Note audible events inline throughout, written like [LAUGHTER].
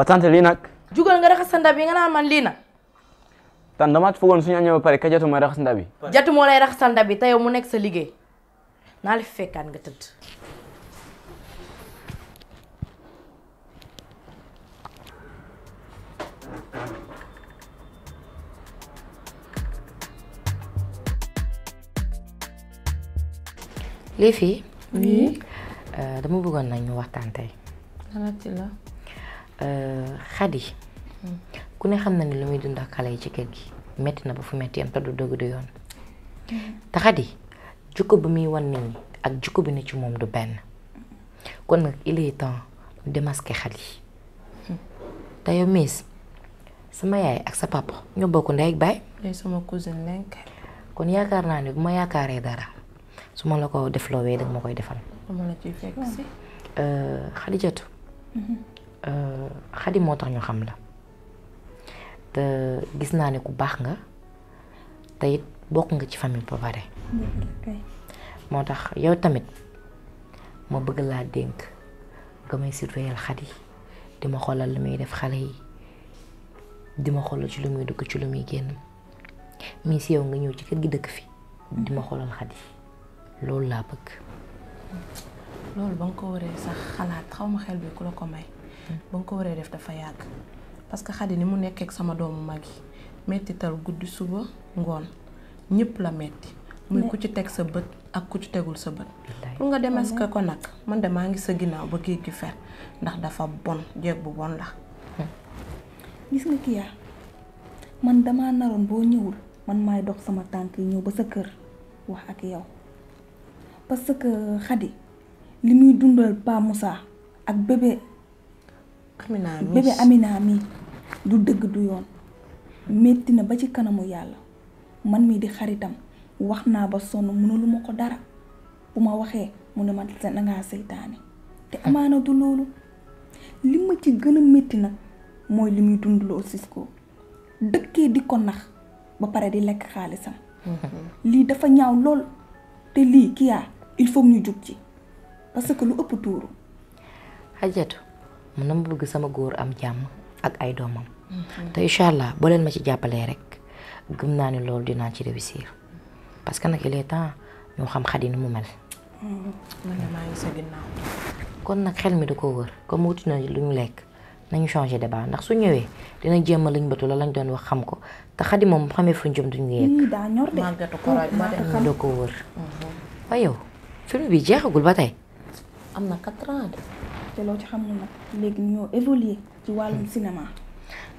watante linak. Juga jugal nga raxas sa nga man lina. tan damaa fugon suñu añoo pare ka jatu mooy raxas ndab jatu moo lay raxasal ndab yi te yow mu nekk sa liggéey nga Xadi euh, mm. ku ne xam na ni li muy dund ak xale yi ci kër gi metti na ba fu metti am te du dëgg yoon mm. te Xadi jukko bi muy wan nit ak jukko bi ne ci moom du benn kon nag il est temps ñu démasquer Xadi mm. te yow miis sama yaay ak sa papa ñoo bokk ndey ak baay kon yaakaar naa ne bu ma yaakaaree dara su ma la ko defloowee danga ma koy defal Xadijatu xadi euh, moo tax ñu xam la te gis naa ni ku baax nga te it bokk nga ci famille ba pare moo tax yow tamit ma bëgg laa dénk nga may surveiller xadi di ma xoolal lu muy def xale yi di ma xoolal ci lu muy dugg ci lu muy génn mais si yow nga ñëw ci kër gi dëkk fi di ma xoolal xadi loolu laa bëgg loolu ba nga ko waree sax xalaat xaw ma xel bi ku la ko may ba ko waree def dafa yag parce que xadi ni mu ak sama doomu magi, metti tar guddi suba ngon ñepp la metti muy ku ci tek sa beut ak ku ci tegul sa beut pour nga ko nak man de ngi sa ginaaw ba geeg gi fer ndax dafa bon jeeg bu bon la hmm. gis nga kiya man dama naron bo ñewul man may dox sama tank ñew ba sa kër wax ak yow parce que xadi limuy dundal Pa musa, ak bébé Amina mi bébé Amina mi du dëgg du yoon metti na ba ci kanamu yàlla man mii di xaritam wax naa ba sonn mënuluma ko dara bu ma waxee mu ne ma dangaa seytaane te amaana du loolu li ma ci gën a métti na mooy li muy dundloo Cisco dëkkee di ko nax ba pare di lekk xaalisam [LAUGHS] lii dafa ñaaw lool te lii Kya il faut ñu jug ci parce que lu ëpp tuuru man dama bëgg sama góor am jàmm ak ay doomam. Mhm. te incha allah boo ma ci jàppalee rek gëm naa ne loolu dinaa ci réussir parce que nag il est temps ñoo xam xadi nu mu mel. Mhm. kon nag xel mi da ko wër comme wuti na lu ñu lekk nañu changé débat ndax su ñëwee dina jéem a lañ bëtu la lañ doon wax xam ko te xadi moom xamee fu ñu jëm duñu yegg. daa ñor de ko wër. Mhm. waaye yow film bi jeexagul ba tey. te loo ci xamul nag léegi ñoo évoluer ci wàllum hmm. cinéma.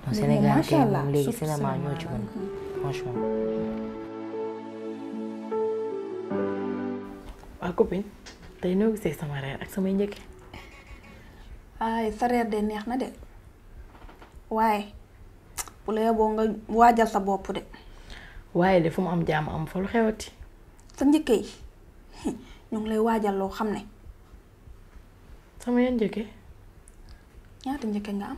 non Sénégal tey moom léegi cinéma ñoo ci gën hmm. franchement. waa ah, copine tey noo sama njëkk. ay sa neex na de waaye bu waajal sa bopp de. waaye de fu mu am jàmm am fa lu xewati. sa njëkk yi [LAUGHS] ngi lay waajal loo xam ne. Sama yang jaga? Ya, dan jaga nggak?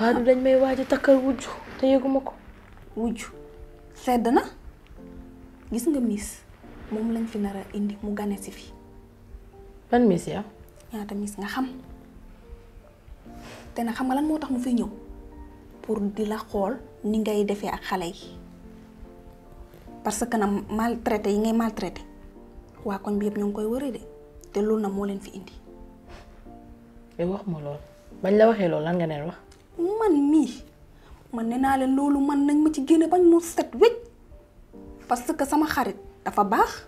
Aduh dan mewah aja takal wujuh. Tanya gue mau kok. Wujuh. Sedana? Gis nga miss? Moom lañ fi nara indi mu gane Ben fi. Ban miss ya? Ñaata miss nga xam. Te na xam nga lan moo tax mu fi Pour di la xool ni ngay defee ak xale yi. Parce que na maltraité yi ngay maltraité. Waa koñ bi yëpp koy te loolu na moo leen fi indi. yow eh, wax ma lool bañ la waxee lool lan nga neen wax. man mii man nee naa leen loolu man nañ ma ci génne bañ mu set wécc parce que sama xarit dafa baax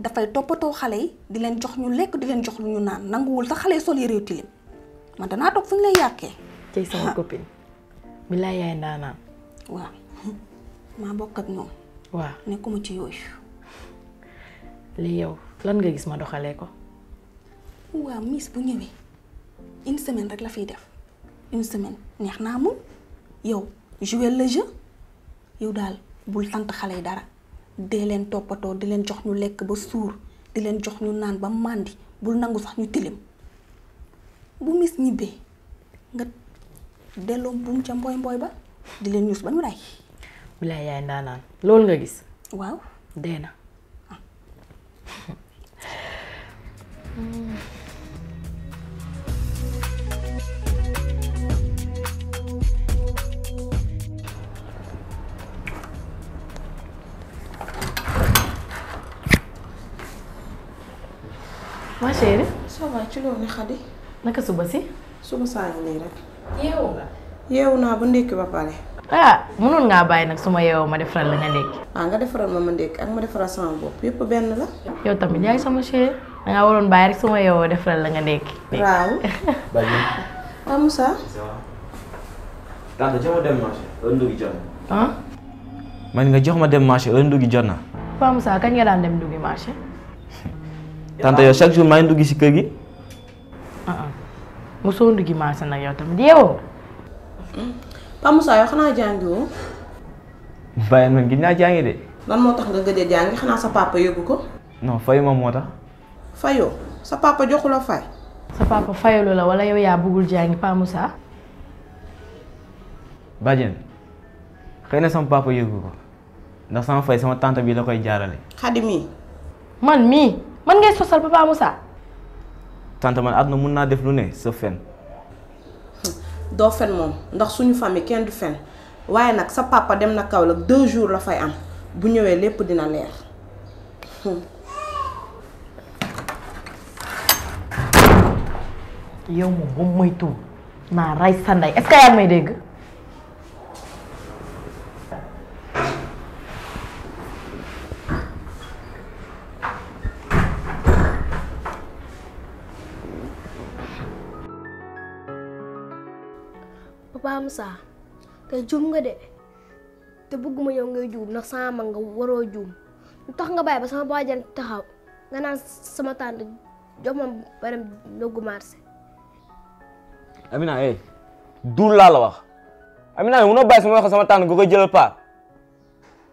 dafay toppatoo xale yi di leen jox ñu lekk di leen jox lu ñu naan nanguwul sax xale yi sol yëre yu tilim man danaa toog fu ñu lay yàqee. tey sama copine. mi laa yaay ndaanaan. waaw [LAUGHS] maa bokk ñoom. waaw nekkuma ci yooyu. li yow. lan nga gis ma doxalee ko. waaw miss bu ñëwee une semaine rek la fiy def une semaine neex naa mun yow jouer le jeu yow daal bul tant xale yi dara dee leen toppatoo di leen jox ñu lekk ba suur di leen jox ñu naan ba màndi bul nangu sax ñu tilim bu miss ñibbee nga delloo buum ca mbooy mbooy ba di leen ñuus ba ñu rey. walaay yaay ndaanaan loolu nga gis. waaw dee na. Ah. [LAUGHS] masih? ma chérie. ça va ci loolu xadi. naka suba si. suba saa ngi nii rek. yeewu nga. yeewu naa ba ndékki ba pare. ah mënoon ngaa bàyyi nag suma yeewoo ma defaral la nga ndékki. ah nga defaral ma ma ndékki ak ma defaral sama bopp yépp benn la. yow tamit yaay sama chérie nga waroon bay rek suma yow yeewoo defaral la nga ndékki. waaw. ah Moussa. tante jox ma dem marché ëndu gi jonne han man nga jox ma dem marché ëndu gi jonne fam sa Moussa kañ nga daan dem gi marché. tante yow chaque jour maa ndu gi ci kër gi. ah ah ndu gi marché nak yow tam yeewoo. fam sa yow xana jangi woo. bàyyi man gi na jangi de. lan moo tax nga gëj jangi xana sa papa yóbbu ko. non fay ma moo fayoo sa papa joxula fay sa papa fayalu la wala yow yaa bëggul jàngi Pa Moussa bàjjen xëy na sama papa yëgu ko ndax sama fay sama tante bi la koy jaarale xadi mii man mii man ngay sosal papa Moussa tante man àdduna mun naa def lu ne sa fen hmm. doo fen moom ndax suñu fami kenn du fen waaye nag sa papa dem na Kaolack deux jours la fay am bu ñëwee lépp dina leer hmm. yow moom moom mooy tuub naa ray sa ndey est-ce que yaa may dégg. papa Moussa te juum nga de te bëgguma yow ngay juum na sama mag nga waroo juum lu tax nga bàyyi ba sama baajan taxaw nga naan sama tànt jox ma baram doggu marché Amina eh duul laa la wax Amina yow munoo bàyyi sama wax sama tànn nga koy jëlal paa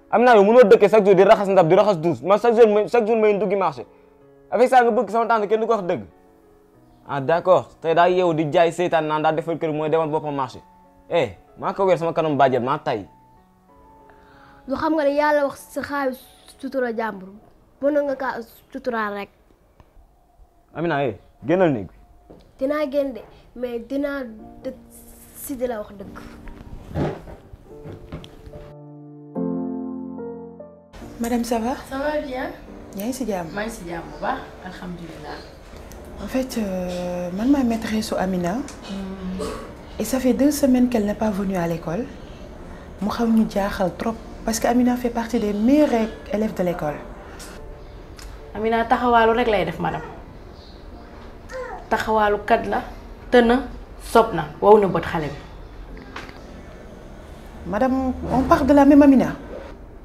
Amina yow munoo dëkkee chaque jour di raxas ndab di raxas douche ma chaque jour may chaque jour may duggi marché avec ça nga bëgg sama tànn kenn du ko wax dëgg ah tey daa yeewu di jaay seytaan naan daa defal kër mooy demal boppam marché eh maa ko weer sama kanam bàjjel ma tay lu xam nga ne yàlla wax sa xaalis sutura jàmbur mën nga kaa suturaal rek Amina eh génnal néeg dina génn mais dina si la wax deug madame ça va. ça va bien. yaa si jàmm. maa bien si jàmm bu en fait euh, man suis maîtresse su Amina. Hmm. et ça fait deux semaines qu'elle n'est pas venue à l'école mu xaw ñu jaaxal trop parce qu'Amina fait partie des meilleurs élèves de l'école. Amina taxawaalu rek lay def madame. taxawalu kat la teuna sopna wawna bot xalé bi madame on parle de la même Amina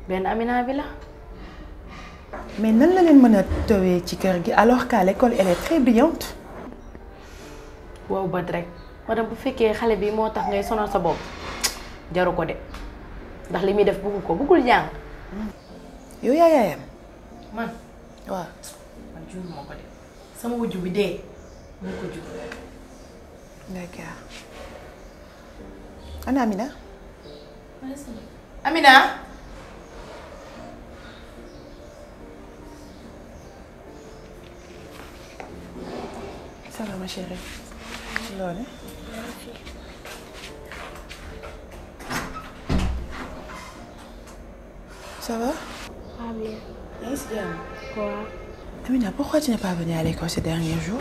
ben Amina bi la mais nan la len meuna a ci kër gi alors qu'à l'école elle est très brillante waw bot rek madame bu fekkee xalé bi moo tax ngay sonal sa bop jaru ko de ndax limi def bugu ko bëggul jàng yow yaayam man wa man jour mo ko de sama wujju bi Beaucoup de jur d'accord Anna, Amina Amina ça va ma chérie loolu ça va Pas bien Amina pourquoi tu n'es pas venue à l'école ces derniers jours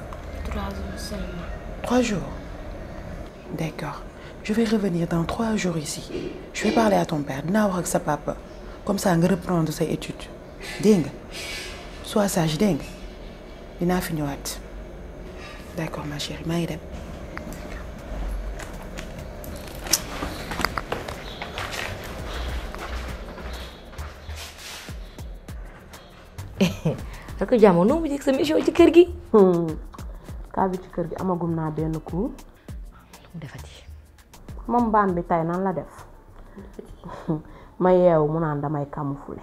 Trois jours seulement. Trois jours D'accord. Je vais revenir dans trois jours ici. Je vais parler à ton père. sa papa. Comme ça va reprendre ses études. Ding. Sois sage ding. Il n'a D'accord ma chérie maa D'accord, kaabi bi ci kër gi amagum naa benn coup. lu mu defati. moom mbaam bi tey nan la def [LAUGHS] ma yeewu mu naan damay camoufler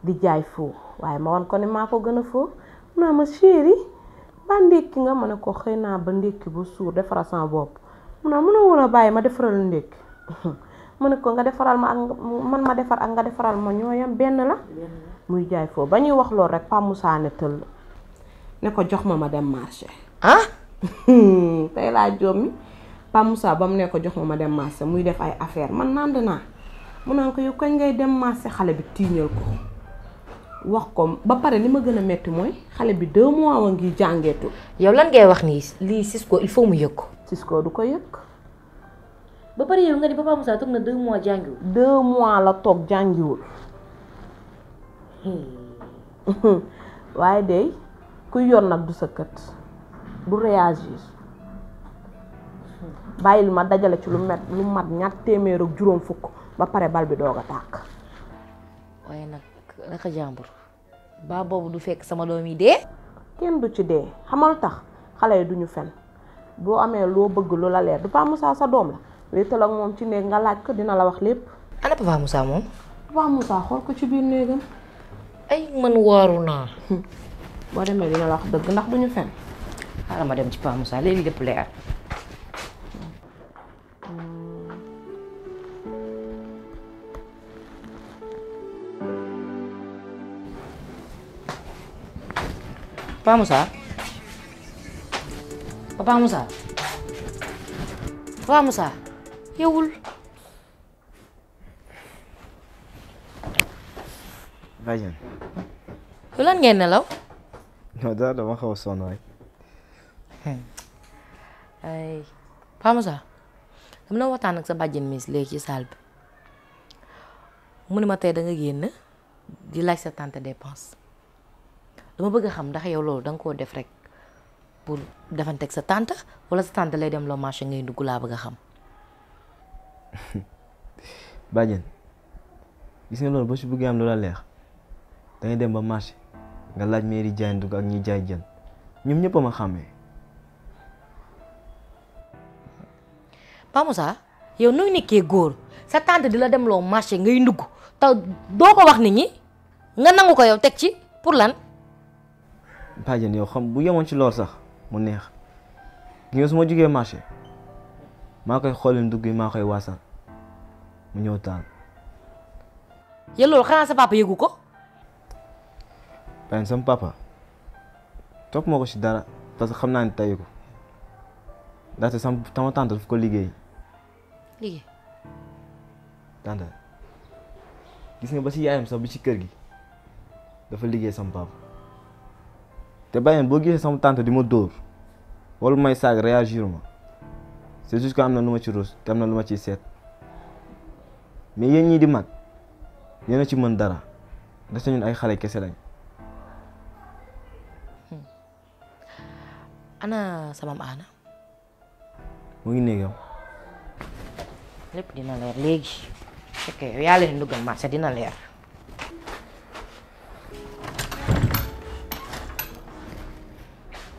di jaay foo waaye ma wan ko ni maa ko gën a foo mu naa ma chéri ba ndékki nga ma ne ko xëy naa ba ndékki ba suur defaral sama bopp mu naa mënoo woon a bàyyi ma defaral ndékki [LAUGHS] mu ne ko nga defaral ma man ma defar ak nga defaral ma ñooyam benn la muy jaay foo ba wax loolu rek Pa ne tëll ne ko jox ma ma dem marché ah [LAUGHS] tey laa jommi Pa ba mu ne ko jox ma ma dem marché muy def ay affaire man nànd naa mu naan ko yow kañ ngay dem marché xale bi tiiñal ko wax ko ba pare li ma gën a métti mooy xale bi deux mois wa ngi jàngeetu yow lan ngay wax nii lii Cisco il faut mu yëg ko du ko yëg ba pare yow nga ni papa Moussa toog na deux mois jàngiwul deux mois la toog jàngiwul hmm. [LAUGHS] waaye de ku yor nag du sa du réagir bayil ma dajale ci lu met lu mat ñaar ak juroom fukk ba pare bal bi doga tak way nak nag naka jàmbur baa du fekk sama domi dé kenn du ci dé xamal tax xalé duñu fenn bo amé lo bëgg lu la lér du pa musa sa dom la wétal ak mom ci né nga laaj ko dina la wax lépp ana pa musa mom pa musa xol ko ci biir néegam ay man waruna [LAUGHS] bo démé dina la wax dëgg ndax duñu fenn xaaral ma dem ci Pa Moussa léegi lépp leer Pa Moussa Papa Moussa Papa Moussa yewul Badiane. lan ngeen nelaw. non daal dama xaw a ay Paa Moussa dama doon ak sa bàjjen miss léegi ci salle matay danga ne ma di laaj sa tante dépense dama bëgg a xam ndax yow loolu da defrek, koo def tek sa tante wala sa tante le dam lo marché ngay dugg laa bëgg a xam. [LAUGHS] bàjjen gis nga loolu boo si bëggee am loola leex da dem ba marché nga laaj mairie jaay ndugg ak ñi jaay ma xàmmee. Vamos a yow nooy nekkee gor sa tante di la dem loo marché ngay ndugg te doo ko wax nit ñi nga nangu ko yow tek ci pour lan bàjjen yow xam bu yemoon ci lool sax mu neex ñëw su ma marché maa koy xooli ndugg yi koy mu sa papa yëgu ko bàyyi papa topp moo ko si dara parce que xam naa ne tayu ko ndaxte tante ko liggéey liggéey. tante gis nga ba si yaayam sax bi ci kër gi dafa liggéey sama papa te bàyyeen boo gisee sama tante di ma dóor wala may saag réagir ma c'est juste que am na lu ma ci ruus te am na lu ma ciy seet mais yéen ñii di mag yéen a ci mën dara ndaxte ñun ay xale kese lañ. ana sama maana. mu ngi néegam. lépp dina leer léegi ok yow yaa leen duggal marché dina leer.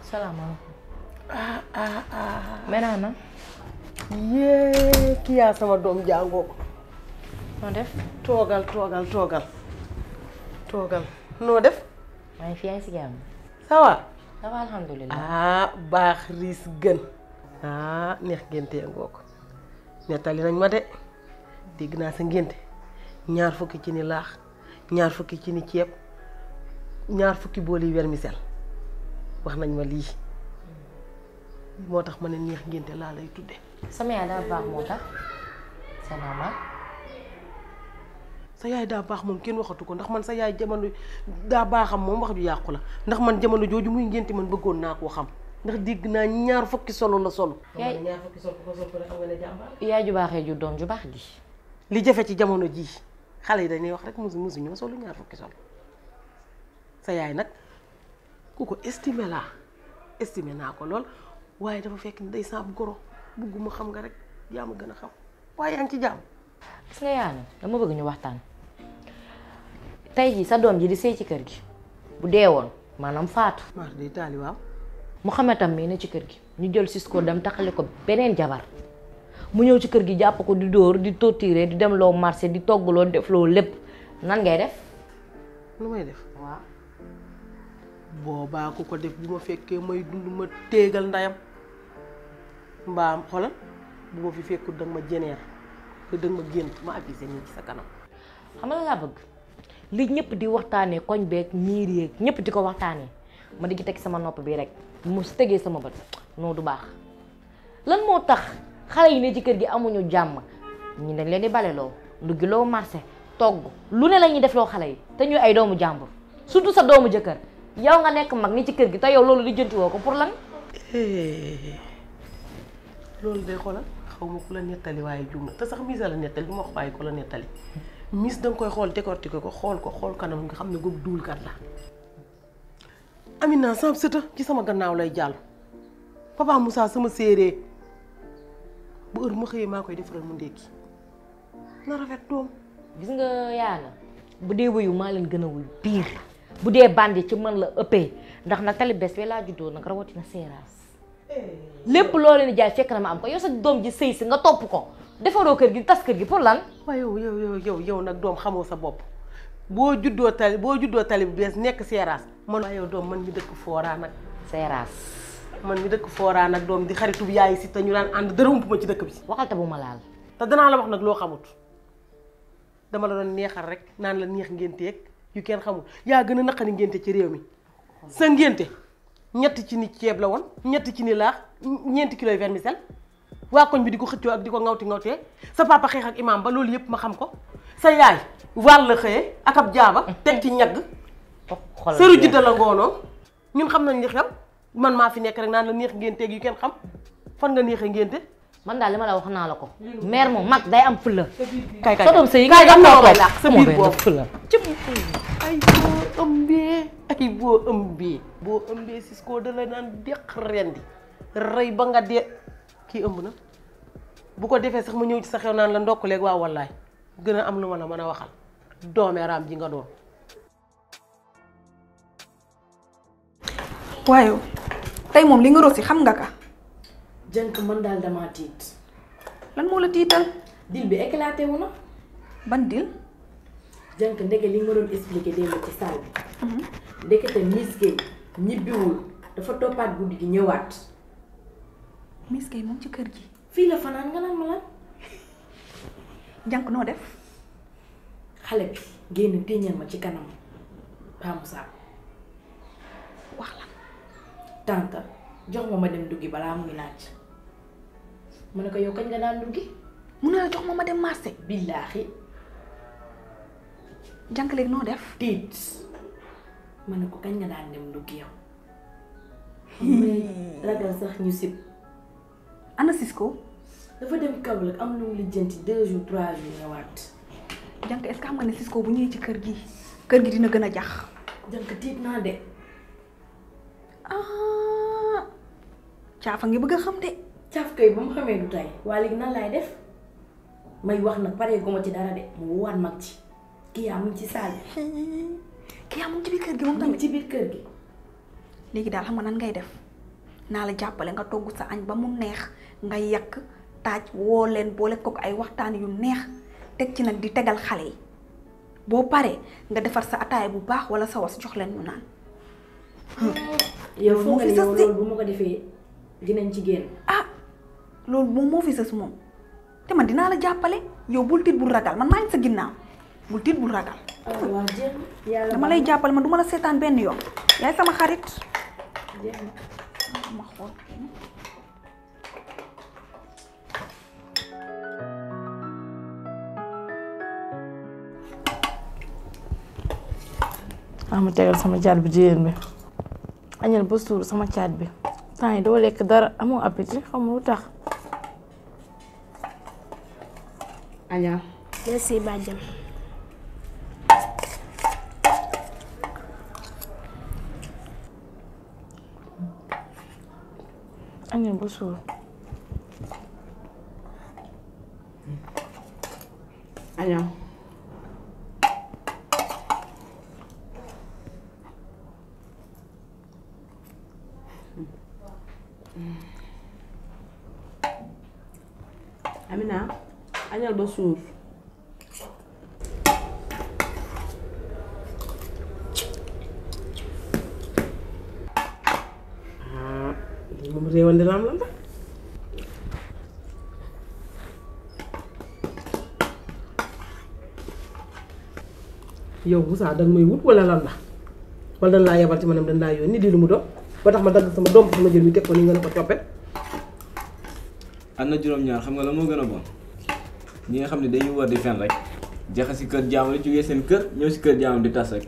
salaamaaleykum. ah ah ah. Mena na. yee kii yaa sama doom jàngoo ko. noo def. toogal toogal toogal. toogal noo def. maa fi yaay si jàmm. ça va. alhamdulilah. Ah, baax riis gën. ah neex gën ngoo ko. nettali nañ ma de dégg naa sa ngénte ñaar fukki ci ni laax ñaar fukki ci ni ceeb ñaar fukki booli vermicelle wax nañ ma lii moo tax ma ne neex ngénte laa lay tudde sama yaay baax moo tax sa yaay daa baax moom kenn waxatu ko ndax man sa yaay jamono daa baaxam moom wax du yàqu la ndax man jamono jooju muy ngénte man bëggoon naa koo xam ndax dégg naa ñaar fukki solo la solo. yaay ñaar fukki solo ko solo yaay ju baaxee ju doom ju baax gi. li jafe ci jamono ji xale yi dañuy wax rek musu musu ñoo solu ñaar fukki solo sa yaay nag ku ko estimé laa estimé naa ko lool waaye dafa fekk ni day saab goro bugguma xam nga rek yaa ma gën a xam waaye yaa ngi ci jàmm. gis nga yaa dama bëgg ñu waxtaan tey jii sa doom ji di sëy ci kër gi bu deewoon maanaam faatu. maa di Mouhamed am mi ne ci kër gi ñu jël Cisco dem taxale ko benen jabar mu ñew ci kër gi japp ko di dóor di torturer di dem lo marché di lo def lo lepp nan ngay def lu may def wa boba ku ko def bu ma fekke may dund ma ndayam mbam xolal bu ma fi fekku danga ma jener te danga ma génn ma avisé ni ci sa kanam xam nga bëgg li ñëpp di waxtaanee koñ beeg miir yeeg ñëpp di ko ma di teg sama nopp bi rek mu tegee sama bët non du baax lan moo tax xale yi ne ci kër gi amuñu jàmm ñi dañ leen di baleloo loo marché togg lu ne la ñuy def loo xale yi te ñuy ay doomu jàmbur surtout sa doomu jëkkër yow nga nekk mag ni ci kër gi te yow loolu di jënti woo ko pour lan eh, loolu day xoolal xaw ma ku la nettali waaye jum na te sax misa la nettali du ma wax waaye ku la nettali mis da koy xool décortiquer ko xool ko xool kanam nga xam ne googu duulkat la Amina sam sëta ci sama gannaaw lay jàll papa Moussa sama séeréer bu heure ma xëyee maa koy defaral mu ndékki na rafet doom gis nga yaana bu dee wuyu maa leen gën a wuyu biir bu dee bandi ci man la ëpp ndax nag tali bes bee laa juddoo nag rawatina seeraas eh. lépp loo leen di jaay fekk na ma am ko yow sa doom ji sëy si nga topp ko defaroo kër gi tas kër gi pour lan waaye yow yow yow yow nag doom xamoo sa bopp boo juddoo tali boo juddoo tali bu bees nekk seeraas man waaye yow doom man mi dëkk fooraan ak seeraas man mi dëkk fooraan ak doom di xaritub yaay si te ñu daan ànd dara ump ma ci dëkk bi waxal te bu ma laal te danaa la wax nag loo xamut dama la doon neexal rek naan la neex ngénte yu kenn xamul yaa gën a naqari ngénte ci réew mi sa ngénte ñetti ci ni ceeb la woon ñetti ci ni laax ñeenti kiloy vermicelle waa koñ bi di ko xëccoo ak di ko ngawti ngawtee sa papa xeex ak imaam ba loolu yëpp ma xam ko sa yaay wàll xëye ak ab jaaba teg ci ñag oh, sëru jidda la ngoonoo ñun xam nañ li xew man maa fi nekk rek naan la neex ngénteeg yu kenn xam fan nga neexee ngénte man daal li ma la wax naa la ko mère moom mag day am fulla kay kay sodoom sa yi nga am na ko sa biir boobu fulla boo ëmbee boo ëmbee boo ëmbee Cisco da la naan deq rendi rey ba nga dee kii ëmb na bu ko defee sax ma ñëw ci sa xew naan la ndokkuleeg waaw wallaay gën a am lu ma la mën a waxal doomeeraam ji nga doon. waaye tey moom li nga rosi xam nga ka. jënk mën daal damaa tiit. lan moo la tiital. dil bi éclaté wu na. ban dil. jënk ndege li nga doon expliqué démb ci salle bi. Mhm. ndekete Miss Guèye ñibbiwul dafa toppaat guddi gi ñëwaat. Miss Guèye moom ci kër gi. fii la fanaan nga naan ma lan. janq noo def xale bi génn téñal ma ci kanam Pa wax la tànta jox ma ma dem duggi balaa muy naaj mu ne ko yow kañ nga daan duggi mu ne la jox ma ma dem marché billaahi janq léegi noo def tiit ma ko kañ nga daan dem duggi yow ragal sax ñu sib ana Cisco dafa dem Kaolack am lu mu lijjanti deux jours trois jours ñëwaat. jànk est-ce que xam nga ne Cisco bu ñëwee ci kër gi kër gi dina gën a jax. jànk tiit naa de. ah caafa ngi bëgg a xam de. caaf kay ba mu xamee du tey. waa léegi nan laay def may wax na paree goma ci dara de mu woowaat mag ci kii yaa mu ci saal bi. kii yaa mu ci biir kër gi moom tamit ci biir kër gi. léegi daal xam nga nan ngay def naa la jàppale nga togg sa añ ba mu neex nga yàq. taaj woo leen boole ko ay waxtaan yu neex teg ci nag di tegal xale yi boo paree nga defar sa ataaya bu baax wala sa was jox leen mu naan. yow moo fi defee dinañ ci génn. ah loolu moom moo fi sa sës moom te ma dinaa la jàppale yow bul tiit bul ragal man maa ngi sa ginnaaw bul tiit bul ragal. Ah, dama lay jàppale man duma la seetaan benn yoon yaay sama xarit. Ah, maa tegal sama caat bu jigéen bi añal ba suur sama caat bi temps yi dara amoo appétit xam lu tax merci añal ba suur Mm. Amina añal ba suur ah, moom réewandi lam la yow Moussa danga may wut wala lan la wala laa yabal ci manam dan laa yónni di lu mu doon ba tax ma dagg sama doom sama jër bi teg ko ni nga ne ko toppee. am na juróom-ñaar xam nga la moo gën a bon ñi nga xam ne dañuy war di fen rek jaxa si kër jaamu la jógee seen kër ñëw si kër jaamu di tas rek.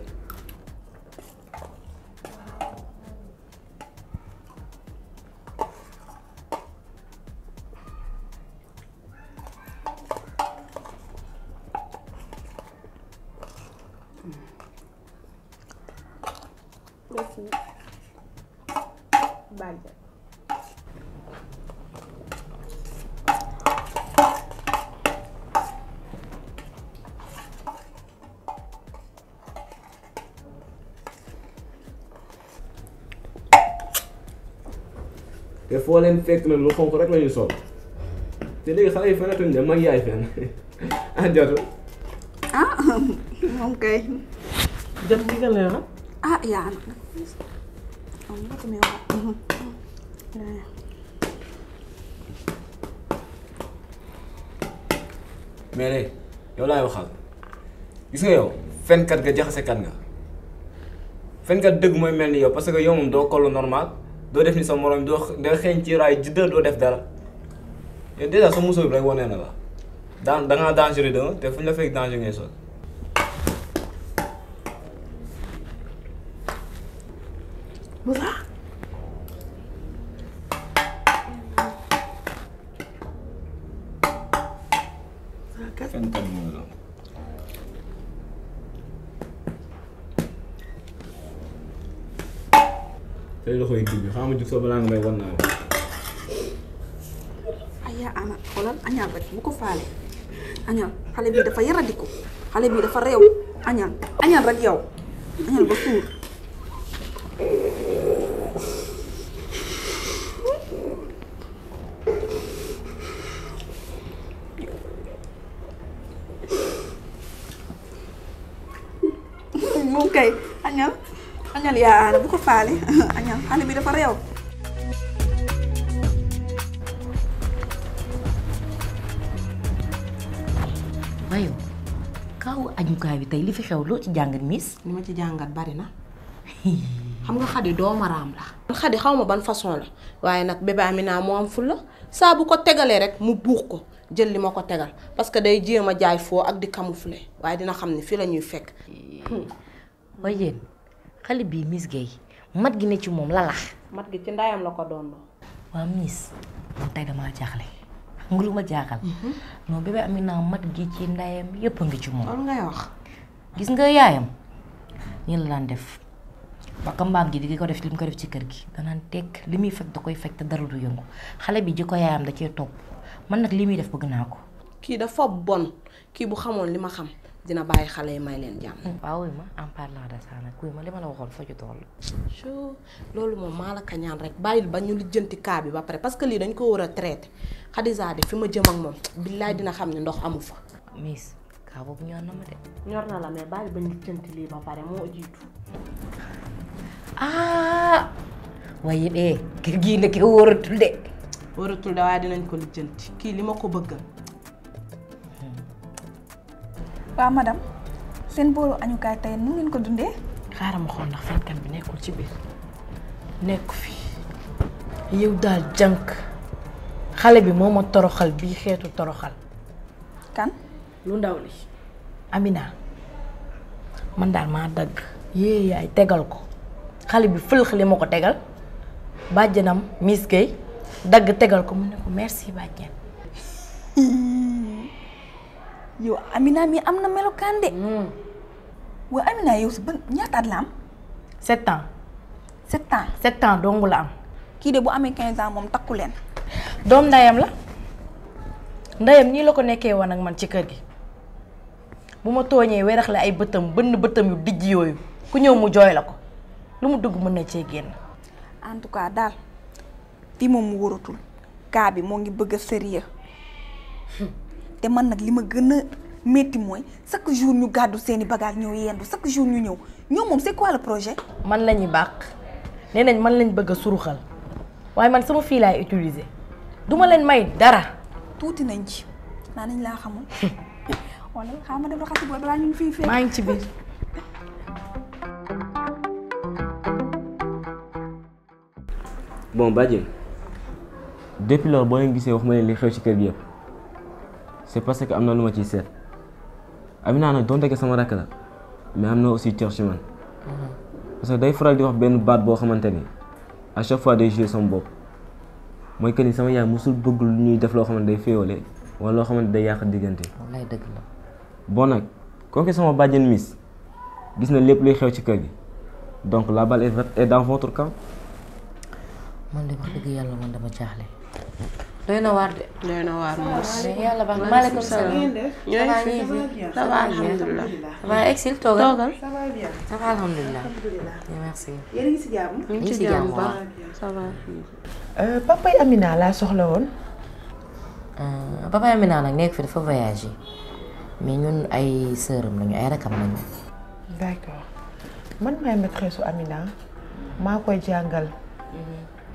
leen fekk na lu xonk rek la sol te léegi xale yi fenatuñ de yaay fen [LAUGHS] ah jatu ah, [LAUGHS] moom kay jam li nga leeral ah yaa mais léegi yow laay waxal gis nga yow fenkat nga jaxase kat nga fenkat dëgg mooy mel ni yow parce que yow moom doo kollu normal doo def ni sa morom doo doo xeeñ ci raay jidda doo def dara yow dèjà sa musóor bi rek wane na la daan da ngaa dangereux te fu ñu la fekk danger ngay sol so belang may wan naa ayaa ana xoolal anya bet bu ko faale Anya xale bi dafa yaradiku xale bi dafa rew. Anya anya rek yow Anya ba suur mu kay añukaay bi tay li fi xewlu ci miss. ni ma ci jàngat bari na. [LAUGHS] xam nga xadi doomaraam la. xade xawma ban façon la waye nak bébé Amina mo am fulla sa bu ko tégalé rek mu bux ko jël li mako tégal tegal parce que day jéem jaay fo ak di camoufler waye dina xamni fi lañuy fekk. Hmm. waaye xali bi Miss mat gi ne ci mom la lax. mat gi ci ndayam la ko doon. wa Miss tay dama jaxlé nguluma jaaxal mau bebek Amina mat gi ci ndayam yëpp a ngi ci moom loolu ngay wax gis nga yaayam ñi la daan def baka mbaam gi di ko def li mu ko def ci kër gi ya da koy fekk te dara du yëngu xale bi da man def bëgg naa ko kii dafa bon kii bu xamoon lima ma xam dina bàyyi xale yi may leen jàmm mm, waaw ma en parlant de ça nag kuy ma la fa rek bayil ba ñu lijjanti bi ba pare parce que dañ Xadija de fi ma jëm ak moom billaay dina xam ne ndox amu fa. miss kaa boobu ñor na ma de. ñor na la mais bàyyi ba njëkkanti lii ba pare moo jiitu. ah waaye de kër gii nag wóoratul de. wóoratul de dinañ ko lijjanti kii li ma ko bëggal. waaw madame seen boolu añukaay tey nu ngeen ko dundee. xaaral ma xool ndax fenkat bi nekkul ci biir nekku fi yow daal jànk. xale bi moo ma toroxal bii xeetu toroxal. kan. lu ndaw li. Amina man daal maa dagg. yee tegal ko xale bi fëlx li ma ko tegal bàjjanam Miss Guèye dagg tegal ko mu ne ko merci bàjjan. [LAUGHS] yow Amina mi am na melokaan de. Hmm. waaw Amina yow si ban ñaataat la am. sept ans. sept ans sept ans dong la am. kii de bu amee quinze ans moom takku leen. doom ndayam la ndayam nii la ko nekkee woon ak man ci kër gi bu ma tooñee weraxle ay bëtam bënn bëtam yu dijj yooyu ku ñëw mu jooy la ko lu mu dugg mën na cee génn. en tout cas daal di moom mu wóoratul kaa bi moo ngi bëgg a sérieux te man nag li ma gën a métti mooy chaque jour ñu gàddu seeni bagage ñëw yendu chaque jour ñu ñëw ñoom moom c'est quoi le projet. man la ñuy bàq nee nañ man lañ bëgg a suruxal waaye man sama fii laay utiliser. duma ne may dara. touti nañ ci ci bon depuis le boo ngi tu wax ma len li xew ci c'est parce que amna luma ci Amina sama la mais amna aussi mhm. parce que day faral di wax benn baat boo à chaque fois day jouer sama mooy que ni sama yaay mosul bëgg lu ñuy def loo xamante day féewale wala loo xamante day yàq diggante. wallaay dëgg la. bon nag kooku sama bàjjen miss gis na lépp luy xew ci kër gi donc la balle est dans votre camp. man de wax dëgg yàlla man dama jaaxle. doy na waar de. doy na waar Mouss. yàlla baax na maaleykum salaam. ñooy fi ça va alhamdulilah. Eh, waaye exil toogal toogal. ça va alhamdulilah. merci. yéen a ngi si jàmm. ñu ngi si jàmm bu baax ça va. papay Amina laa soxla woon. Eh, papay Amina nag nekk fi dafa voyagé mais ñun ay sëram lañu ay rakam lañu. d' accord man maay maîtresse su Amina maa koy jàngal. Mhm.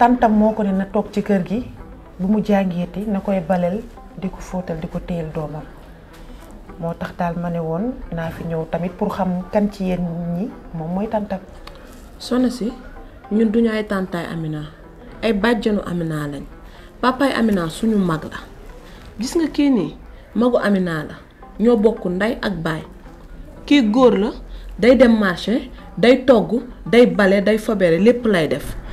tantam moko ne na tok ci kër gi bu mu jangeti na koy balel diko fotal diko teyel domam motax dal mané won na fi ñew tamit pour xam kan ci yeen ñi mom moy tantam soxna si ñun duñu ay tantay amina ay bajjanu amina lañ papaay amina suñu mag la gis nga ki ni magu amina la ño bokku nday ak bay kii gor la day dem marché day togg day bale day fobéré lepp lay def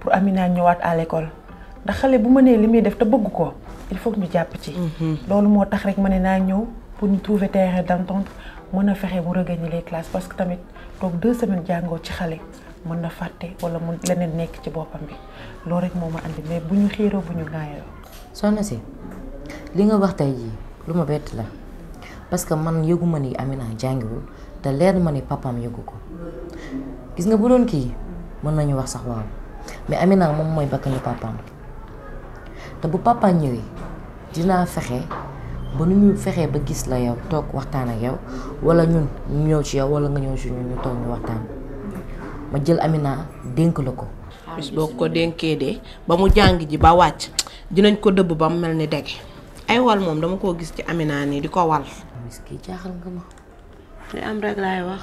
pour Amina ñëwaat à l'école ndax xalé bu mënee li def te bëgg ko il faut ñu japp ci. Mhm. loolu mo tax rek ma na ñëw pour ñu trouver terrain d'entente mëna fexé bu mu regagner les classes parce que tamit tok deux semaines jango ci xalé mën na fàtte wala mën leneen nekk ci bopam bi lool rek moma andi mais bu ñu xiiroo bu ñu gaayoo. soxna li nga wax tay ji luma bét la parce que man yëgu ni Amina jàngiwul te leer ma ni papam yëgu ko gis nga bu doon ki mën nañu wax sax waaw. mais Amina moom mooy bakkanu papaam te bu papa ñëwee dinaa fexe ba nu ñu fexee ba gis la yow toog waxtaan ak yow wala ñun ñu ñëw ci yow wala nga ñëw ci ñun ñu toog ñu waxtaan ma jël Amina dénk la ko. bis boo ko dénkee de ba mu jàng ji ba wàcc dinañ ko dëbb ba mu mel ni dege ay wal moom dama koo gis ci Amina nii di ko wal. miski jaaxal nga li am rek laay wax.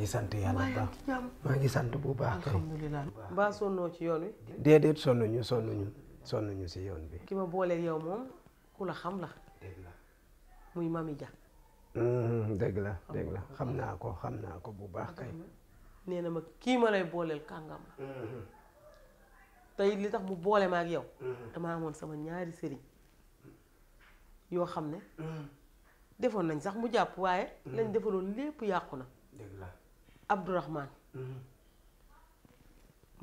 ngi sant yàlla bu maa ngi sant bu baax kay. alhamdulilah ba sonnoo ci yoon wi. ñu déedéet ñu sonnuñu sonnuñu si yoon bi. ki ma booleel yow moom ku la xam la. la muy Mami Dia. Mm-hmm, dëgg la dëgg la xam naa ko xam naa ko bu baax kay. nee na mag kii ma lay booleel kàngam la. Mm-hmm. tey li tax mu boole ma ak yow. Mm-hmm. damaa amoon sama ñaari sëriñ yoo xam ne. defoon nañ sax mu jàpp waaye. lañ defaloon lépp yàqu na. Abdourahman mm-hmm.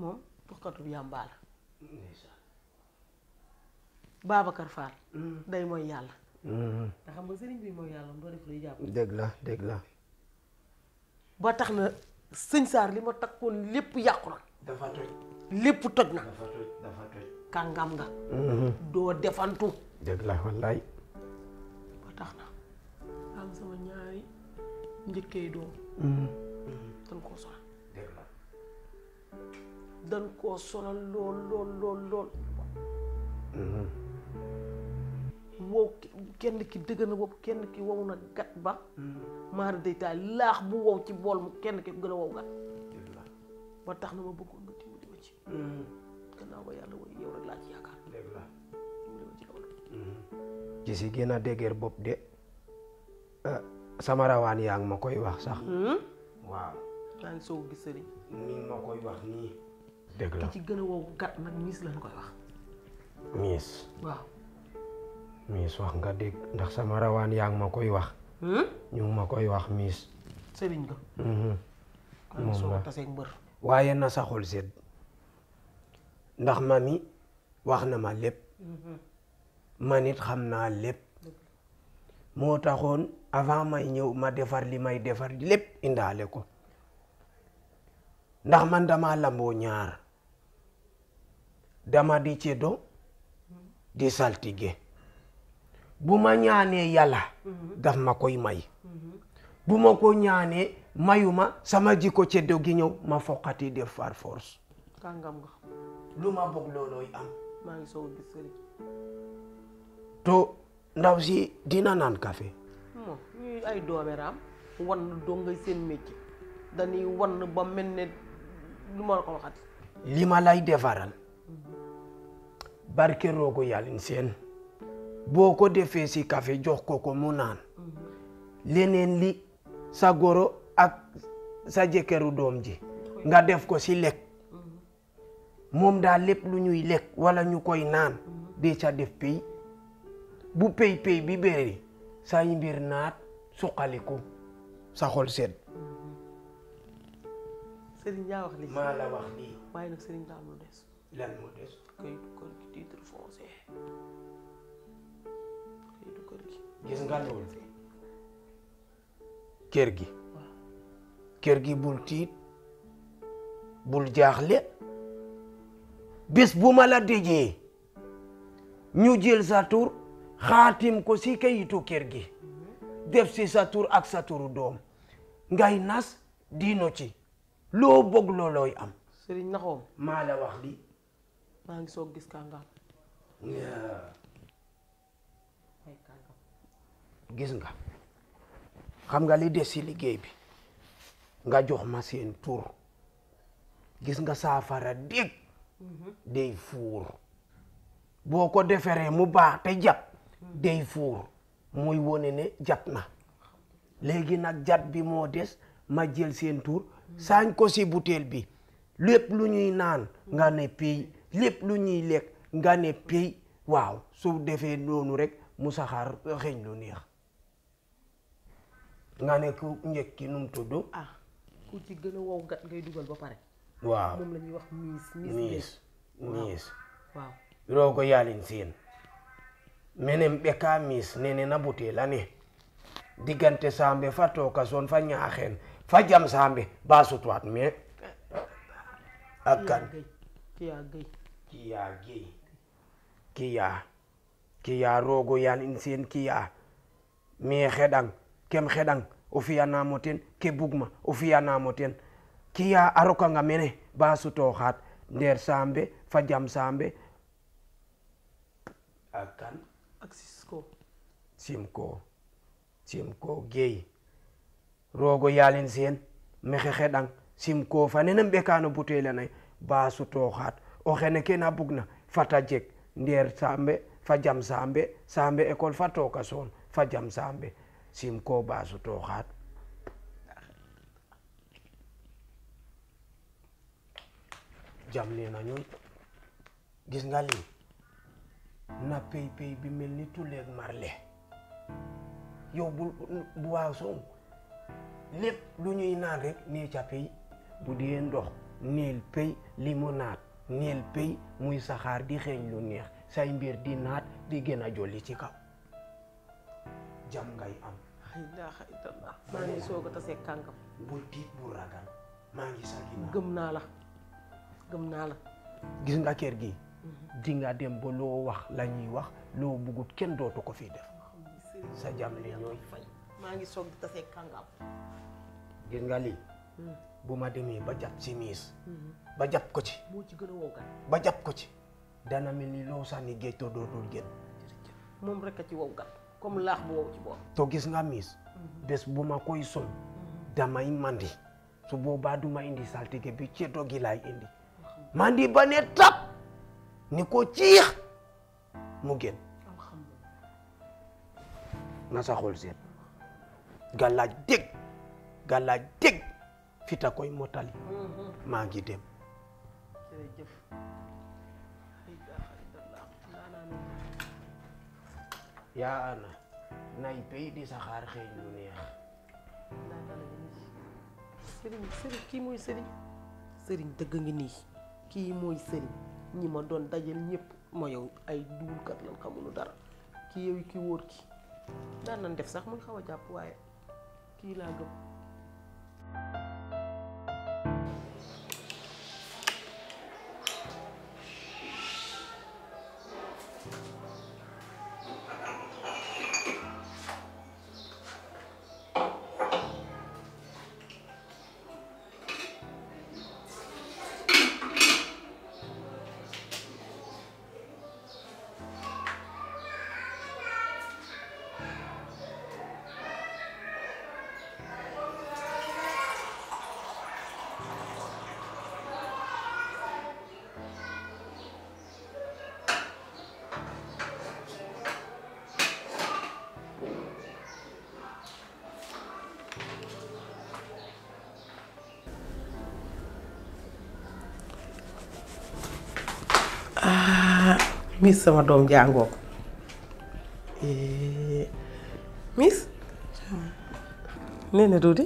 moom tuxkatub yàmbaa la Babacar Fall mm-hmm. day mooy yàlla mm-hmm. xam nga sëriñ bi mooy yàlla doo dëgg la dëgg la ba tax na sëñ Saar li ma takkoon lépp yàqu na lépp toj na dafa toj nga doo defantu dëgg la wallaay ba tax na am sama ñaari njëkkee doom dañ koo sonal. dëgg koo sonal lool lool lool mm-hmm. wow kenn ki dëgg na bopp kenn ki wow na gat ba. Mm-hmm. maara day taal laax bu wow ci bool mu kenn ki gën a wow gat. ba tax na ma bëggoon nga dimbali ma mm-hmm. ba ci yaakaar. dëgg a dëgër bopp de ah, sama rawaan yaa ngi ma koy wax sax. Hmm? naan sow gi ma koy wax nii. dëgg la ki ci gën a miis lañ koy wax. miis. waaw. nga dégg ndax sama rawaan yaa ngi ma koy wax. Hmm? ñu ma koy wax miis. sëriñ ko mm-hmm. tasee waaye na sa xol sedd ndax mami wax na ma lépp. Mm-hmm. man it xam naa lépp. moo taxoon avant may ñëw ma defar li may defar lépp indaale ko. ndax man dama lamboo ñaar dama di ceddo di saltige bu ma ñaanee yàlla mhm. daf ma koy may mhm. bu ma ko ñaanee mayuma sama jikko ceddo gi ñëw ma foqati def far force kàngam nga lu ma bëgg loolooy am maa ngi soog gis sëriñ to ndaw si dina naan café ñuy ay doomeraam wan doo ngay seen métier dañuy wan ba mel ne lu li ma lay defaral barke roogu yàllin seen boo ko defee si kafe jox ko ko mu naan leneen li sa goro ak sa jëkkëru doom ji nga def ko si lekk moom daal lépp lu ñuy lekk walla ñu koy naan de ca def pay bu pay pay bi bëri say mbir naat suqaliku sa xol sedd Serigne yaa gis nga kër gi. kër gi bul tiit bul jaaxle bis bu ma la dejee ñu jël satur tur xaatim ko si kayitu kër gi mhm. def si ak sa turu doom ngay nas diino ci loo bëgg loolooy am. sëriñ naxoom maa wax li maa ngi gis kàngaam. gis nga xam nga li des ci liggéey bi nga jox ma seen tur gis nga saafara dégg mm-hmm. day fuur boo ko deferee mu baax te jàpp mm-hmm. day fuur muy wone ne jàpp na léegi nag jat bi moo des ma jël seen tur saañ ko si butéel bi lépp lu ñuy naan nga ne pey lépp lu ñuy lekk nga ne pey waaw su defee noonu rek mu saxaar xeeñ lu neex nga ne ku njëkk ki nu tudd ah, ku ci gën ba pare waaw moom la ñuy wax miis miis miis waaw roo ko yaalin miis nene na buteela ne diggante saambe fa tooka soon fa ñaaxeen fajam sambe basu tuat me eh? akan kia gi kia kia rogo yan insin kia me khedang kem khedang o fiya namoten ke bugma o fiya namoten kia aroka nga mene basu khat der sambe fajam sambe akan aksisko simko simko gay rogo yalin sen mexe xeɗang simko fanene ɓekano butelanayi basu toxat o xene ke na bugna fata jeg ndeer sambe fa jam sambe sambe école fa toka soon fa jam sambe simko basu toxat jam lena ñun gis nga lii na pey pey bi mel ni tuleeg marle yow bu bu lepp lu ñuy naan rek ca capey bu dee ndox neel pey limonade neel pey muy saxaar di xeeñ lu neex say mbir di naat di gën a jolli ci kaw jam ngay am xayda xayda la maa ngi soog a tasee kàngam bu tiit bu ragal maa ngi sa ginnaaw gëm naa la gëm naa la gis nga kër gi mhm. di nga dem ba loo wax la ñuy wax loo bugut kenn dootu ko fii def sa jam li ñooy fay maa ngi kita di tasee kàngam gën nga bu ma demee ba jàpp si miis ba jàpp ko ci mo ci gëna a ba jàpp ko ci dana mel ni loo sànni géej do dootul génn moom rek ci wow gan comme laax bu wow ci bo to gis nga mis bes bu ma koy sol yi mandi su boobaa duma indi ke bi ceeto gi lay indi mandi ba ne tap ni ko ciix mu na sa xol gala deg gala deg fita koy motali mhm. maa ngi dem ya ana nay pay di xaar xey ñu neex sëriñ sëriñ ki sering, sëriñ sëriñ deug nga ni ki moy sëriñ ñi ma doon dajal ñëpp yow ay kat lan xamunu dara ki yow ki wor ki da nan def sax mu xawa japp waye Gila, Gep. miss sama dom jago. Eh, miss Nene Rudy? tuuti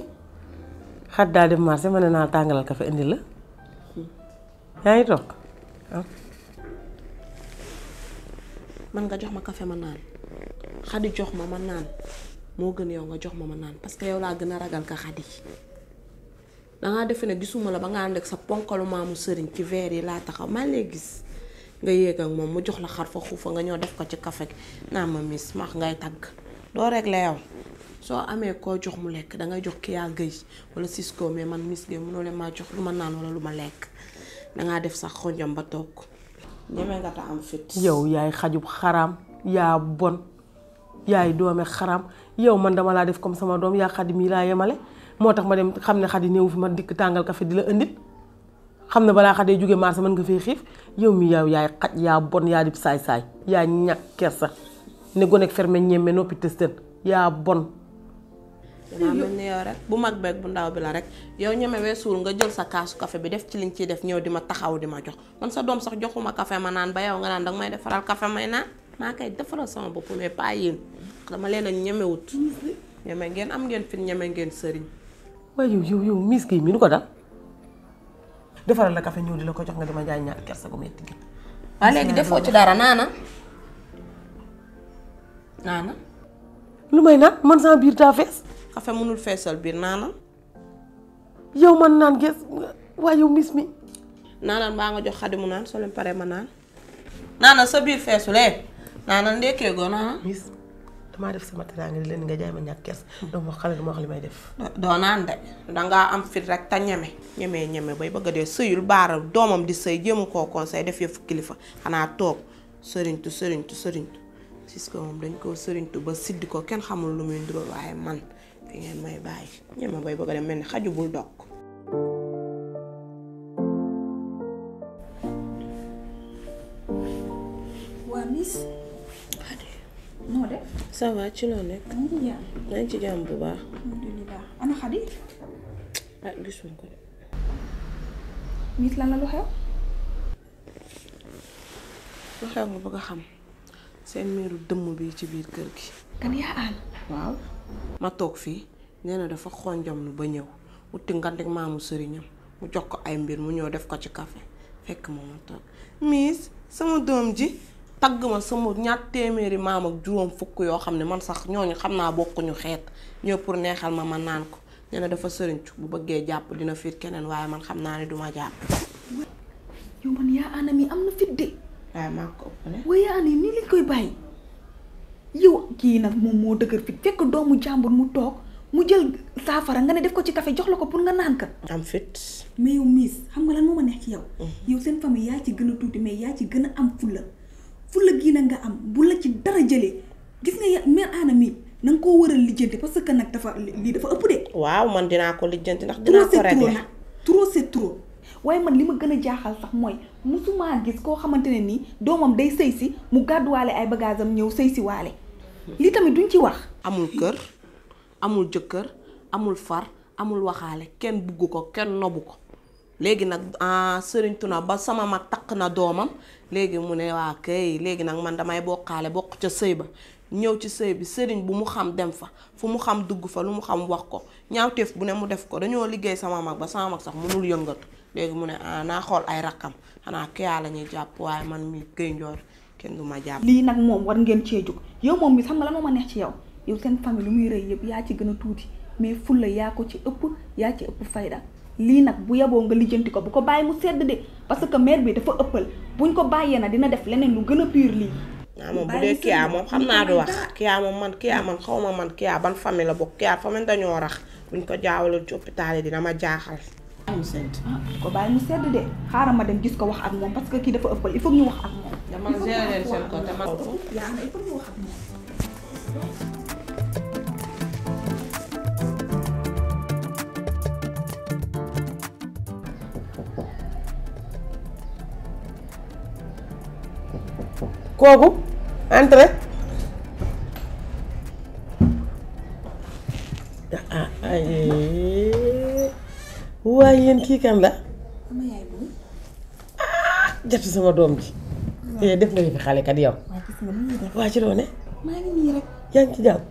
xat daal mana marché ma kafe indi le? yaa ngi ah. man nga jox ma kafe ma naan xadi jox ma ma naan moo gën yow nga jox ma ma naan parce que yow laa gën a ragal ka xadi dangaa defe ne gisuma la ba nga ànd sa ponkalu ci verre yi taxaw lay gis nga yéeg ak mom mu jox la xarfa xufa nga ñoo def ko ci kafe na ma miss max ngay tag do rek la yow so amé ko jox mu lek da nga jox ki ya geuy wala sisko mais man miss ge mënoo le ma jox lu ma naan wala lu lek da nga def sax xonjam ba tok ñeme nga ta am fit yow yaay xaju xaram ya bon yaay doome xaram yow man dama la def comme sama dom ya xadi mi la yemalé motax ma dem xamné xadi néew fi ma dik tangal kafe dila andit xam ne balaa xatee jóge marché man nga fee xiif yow mi yow yaay xaj yaa bon yaa dib saay-saay yaa ñàkk kersa ne gone ak ferme ñemme noppi tëstën yaa bon bu mag beeg bu ndaw bi la rek yow ñeme weesuul nga jël sa kaasu café bi def ci liñ ciy def ñëw di ma taxaw di ma jox man sa doom sax joxuma café ma naan ba yow nga naan danga may defaral café may naan maa koy defaral sama bopp mais pas yéen dama leen a ñemewut ngeen am ngeen fit ñeme ngeen sëriñ waaye yow ko dal defaral la kafe ñëw di la ko jox nga dama jaay ñaari kersa gu metti gi. waaw léegi defoo ci dara naana naana. lu may naan man sama biir daa fees. café mënul feesal biir naana. yow man naan gees waaye yow mis mi. naanal maa nga jox xadi mu naan soo leen paree ma naan. naana sa biir feesulee naana ndekkee goo naana. damaa def sama teraanga di leen nga jaay ma ñàkk kees. Hmm. donc ma xale du wax li may def. doo naan de dangaa am fit rek te ñeme. ñeme ñeme bay bëgg a dee sëyul baara doomam di sëy jéemu koo conseil def yëfu kilifa xanaa toog sëriñtu sëriñtu sëriñtu puisque moom dañ koo sëriñtu ba siddi ko kenn xamul lu muy nduróol waaye man fi ngeen may bàyyi ñeme bay bëgg a mel ni xaju bul dog. noo ci loo nekk. maa ci jàmm bu baax. alhamdulilah ana Xadi. Ah, lu xew. lu xew nga bëgg a xam seen miiru dëmm bi ci biir kër gi. ma toog fii nee dafa xonjom lu ba ñëw wuti ngandik maamu sëriñam mu jox ko ay mbir mu ñëw def ko ci café fekk moom ma toog miis sama doom ji. tagg ma sama ñaar téeméeri maam ak juróom fukk yoo xam ne man sax ñooñu xam naa bokkuñu xeet ñëw pour neexal ma ma naan ko ñu ne dafa sëriñcu bu bëggee jàpp dina fiit keneen waaye man xam naa ne duma jàpp yow man yaa anam am na fit de waaye maa ko kii nag moom moo dëgër fit doomu jàmbur mu toog mu jël saafara nga def ko ci café jox la ko pour nga naan ka am fit mais miis xam nga lan moo ma neex ci yow mm. yow seen famille yaa ci gën a tuuti mais yaa ci gën a am fulla fulla gii na nga am bu la ci dara jëlee gis nga mère Anna mii na nga koo war a lijjanti parce que nag dafa lii dafa ëpp de. waaw man dinaa ko lijjanti ndax. dinaa ko régler trop c'est waaye man li ma gën a jaaxal sax mooy musuma gis koo xamante ne nii doomam day sëy si mu gàdduwaale ay bagaasam ñëw sëy si waale li tamit duñ ci wax. amul kër amul jëkkër amul far amul waxaale kenn bugg ko kenn nobu ko léegi nag ah sëriñ ba sama mag takk na doomam léegi mu ne waa kay léegi nag man damay bokkaale bokk ca sëy ba ñëw ci sëy bi sëriñ bu mu xam dem fa fu mu xam dugg fa lu mu xam wax ko ñaawteef bu ne mu def ko dañoo liggéey sama mag ba sama mag sax mënul yëngatu léegi mu ne ah xool ay rakkam xanaa kiyaa la ñuy jàpp waaye man mi Gueye kenn du ma lii nag moom war ngeen cee jóg yow moom mi xam nga la ma neex ci yow yow seen famille lu muy rëy yëpp yaa ci gën a tuuti mais fulla yaa ko ci ëpp yaa ci ëpp fayda lii nag bu yeboo nga lijjanti ko bu ko bàyyi mu sedd de parce que maire bi dafa ëppal buñ ko bàyyee na dina def leneen lu gën a pire lii. waaw ah, moom bu dee Kia moom xam naa du wax Kia moom man Kia man xaw ma man Kia ban famille la bokk Kia famille dañoo rax buñ ko jaawalul ci hôpital yi dina ma jaaxal. Ah, ko bàyyi mu sedd de xaaral ma dem gis ko wax ak moom parce que kii dafa ëppal il faut ñu wax ak moom. dama gérer seen côté man. ñu wax ak moom. kooku entre waaye yéen kii kan la ah, jot sama doom ji eh, def nga fi xale kat yow waa ci loo ne yaa ngi ci jàmm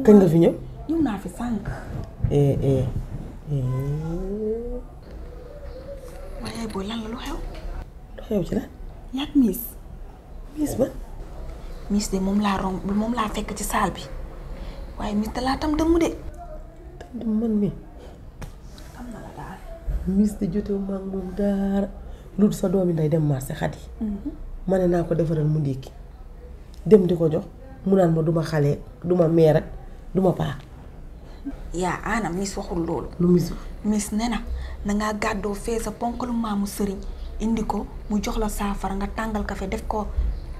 maa nga fi ñëw naa fi sànq eh, eh, lu xew lu xew ci la miss ba miss de momlarom, rom bu mom la fekk ci salle bi waye miss de la tam de tam dëmm man mi xam na la dal miss de juteu mang ngi moom daara sa doomi nday dem marché xati yi mhm. ma ne ko defaral mu ndékki dem diko jox mu nan ma duma xalé duma mère ak duma pa Ya, ana miss waxul loolu lu miss miss Nena, na nga gaddo fee sa ponkalu maamu sëriñ indi ko mu jox la safara nga tangal kafe def ko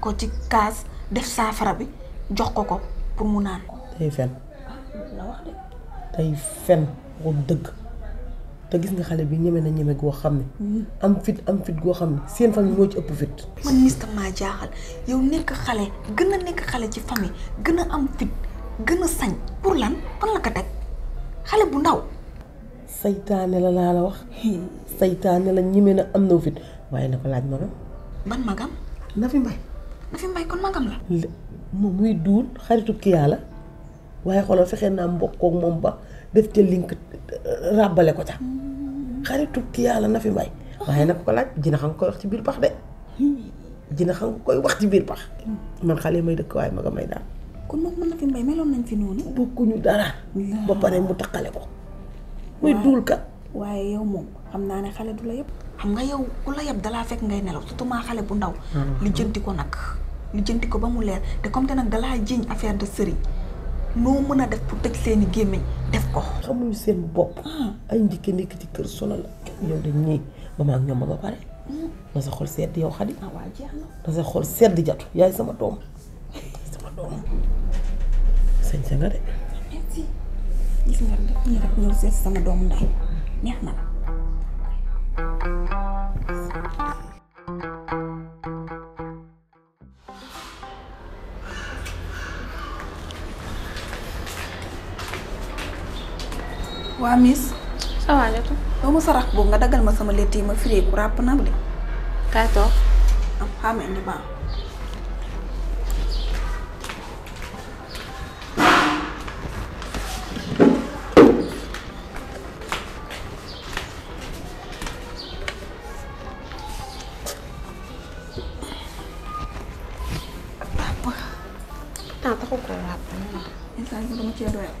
ko ci kaas def saafara bi jox ko ko pour mu naan ko. tey fen ah, la wax tey fen waxul dëgg te gis nga xale bi ñeme na ñeme goo xam ne. Hmm. am fit am fit goo xam ne seen famille moo ci ëpp fit. man Mister maa jaaxal yow nekk xale gën a nekk xale ci famille gën a am fit gën a sañ pour lan fan la ko teg xale bu ndaw. saytaane la laa la wax. saytaane la ñeme na am na fit waaye na ko laaj magam. ban magam. na fi mbay. fi mbay kon magam la. moom muy duul xaritu kii la waaye xoolal fexe naa mbokkook moom ba def ca link euh, ràbbale ko ca mm. xaritu kii la na fi mbay oh. waaye nag ko laaj dina xam koy wax ci biir pax de dina xam koy wax ci biir pax mm. man xale may dëkk waaye maga may daal kon moom mën na fi mbay meloon nañ fi noonu bokkuñu dara ba pare mu taqale ko muy duul kat waaye yow moom xam naa ne xale du la yëpp xam nga yow ku la yëpp dalaa fekk ngay nelaw surtout maa bu ndaw mm. li ko nag ñu jënti ko ba mu leer té comme té nak da la jëñ affaire de sëriñ no mëna def pour tek seen gémmiñ def ko xamuñu seen bop ay ah. ndike nek ci kër solo la yow dañ ñi ba ma ak ñom ba paré na hmm. sa xol sedd yow xadi waa jeex na na sa xol sedd jatt yaay sama doom sama doom sañ sa nga de merci gis nga rek ñii rek ñëw seet sama doom ndax neex na you. wa miss. ça va Ndiakhate. doo ma sarax boobu nga dagal ma sama leti ma firee ku rap na de. kaay toog. am ah, xaaral ni ba Tak, papa. taata ko ko Ini saya belum bi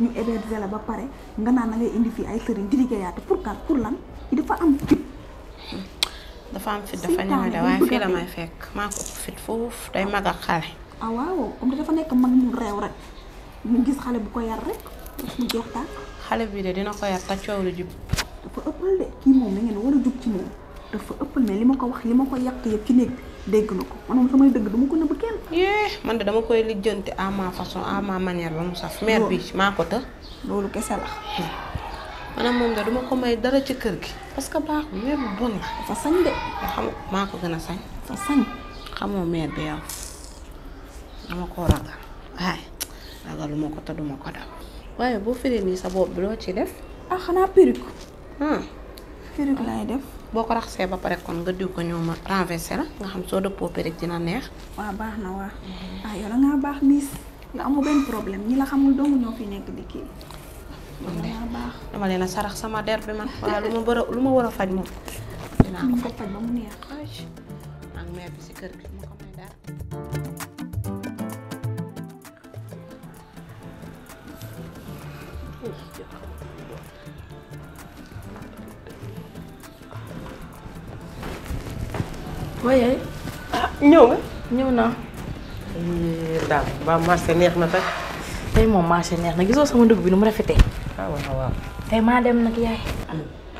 ñu héberger la ba pare nga naan na ngay indi fii ay sëriñ di liggéeyaatu pour kan pour lan dafa am fit dafa am fit dafa ñëw fii fekk maa ko ëpp fit foofu day mag ak ah waaw comme dafa nekk mag mu réew rek mu gis xale bu ko yar rek mu jox tàkk xale bi de dina ko yar te coow lu jub dafa ëppal de kii moom la ngeen war a jub ci moom dafa ëppal mais li ma ko wax li ma ko yàq yëpp ci néeg bi dégg na ko man samay dëgg dama ko nëbb kenn. yee man de dama koy lijjanti à ma façon à ma manière ba mu saf. mère bi maa ko të. loolu kese la. maanaam moom de duma ko may dara ci kër gi. parce que baaxul mère bu bon la. dafa sañ de. xam maa ko gën a sañ. dafa sañ. xamoo mère bi yow dama koo ragal waaye ragaluma ko te duma ko dal waaye boo firee nii sa bopp bi loo ci def. ah xanaa perruque. Ah. perruque laay def. boo ko raxasee ba pare kon nga diw ko ñëw ma renversé la nga xam soo dëppoo rek dina neex. waa baax na waa ah yow da baax miis nga amoo benn problème ñi la xamul doomu ñoo fi nekk di kii. baax dama leen a sarax sama der bi man. waaw lu ma war lu ma war a faj moom. dinaa ko faj ba mu neex. kër gi ma waaye ah, ñëw nga. ñëw naa. Eh, daal ba marché neex na tey. tey moom marché neex na gisoo sama dugub bi nu mu rafetee. ah maa dem nag yaay.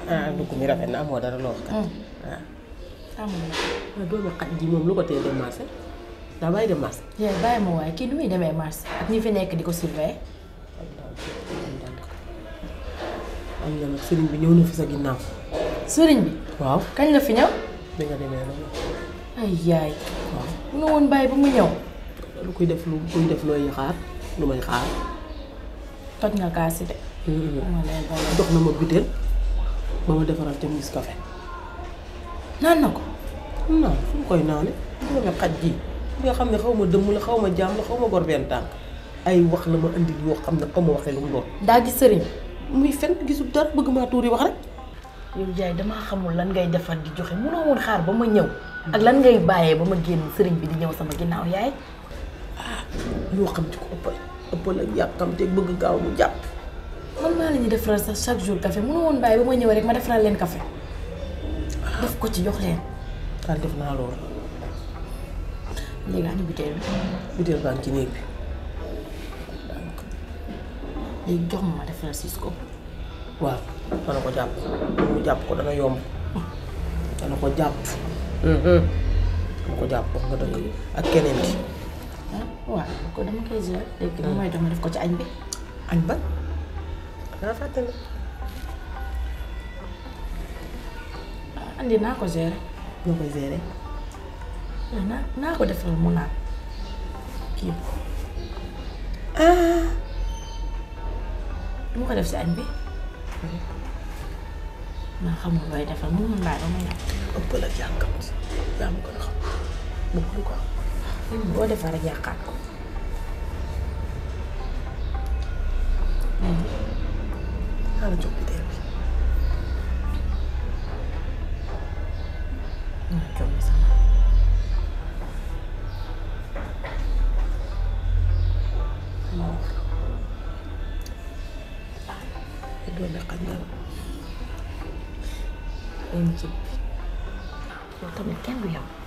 ah dugub mi rafet na amoo dara loo hmm. ah. ah, xam. ji moom lu ko tee dem marché. daa dem marché. yaay bàyyi ma waaye kii nu muy demee marché ak ñi fi nekk di ko surveiller. am na bi sa ginnaaw. waaw kañ la fi ñëw. bi demee noonu. ay yaay. waaw nga woon bàyyi ba mu ñëw. lu koy def lu koy def looy xaar lu may xaar. toj nga kaasi de. dox na ma butéel ba ma defaral ca mis café naan na ko. naan fu mu koy naane. bu nga xaj ji nga xam ne xaw ma dëmm la xaw ma jaam la xaw ma gor benn tànk ay wax la ma indi yoo xam ne xaw ma waxee lu mu doon. daa gis sëriñ. muy fen gisul dara bëgg maa tuuri wax rek. yow jaay damaa xamul lan ngay defar di joxe mënoo woon xaar ba ma ñëw. ak lan ngay bàyyee ba ma génn sëriñ bi di ñëw sama ginnaaw yaay. ah yoo xam ci ko ëppal ëppal ak yàqam te bëgg gaaw mu jàpp. man maa la ñuy defaral sax chaque jour café mënu woon bàyyi ba ma ñëw ma defaral leen café ah. ko ci jox ah, def naa loolu. ci néeg bi. jox ma ma defaral Cisco. waaw dana ko jàpp mu jàpp ko dana yomb hmm. dana ko jàpp. mu mm-hmm. ko jàpp wax nga dëgg ak keneen ki. Ah, waaw ko dama koy jël léegi damay dox ma def ko ci añ bi. añ ba daa fàttali. Ah, andi naa ko gérer. noo ah, naa naa ko defal mu naan kii. ah. dama ko def si añ bi. Mm-hmm. maa kamu looy defal mu mën bàyyi ba may am. ëpp la jàngat yaa ma gën a xam moom ko boo rek yàqaat ko. jox sama. em giúp Rồi thôi mình kém người học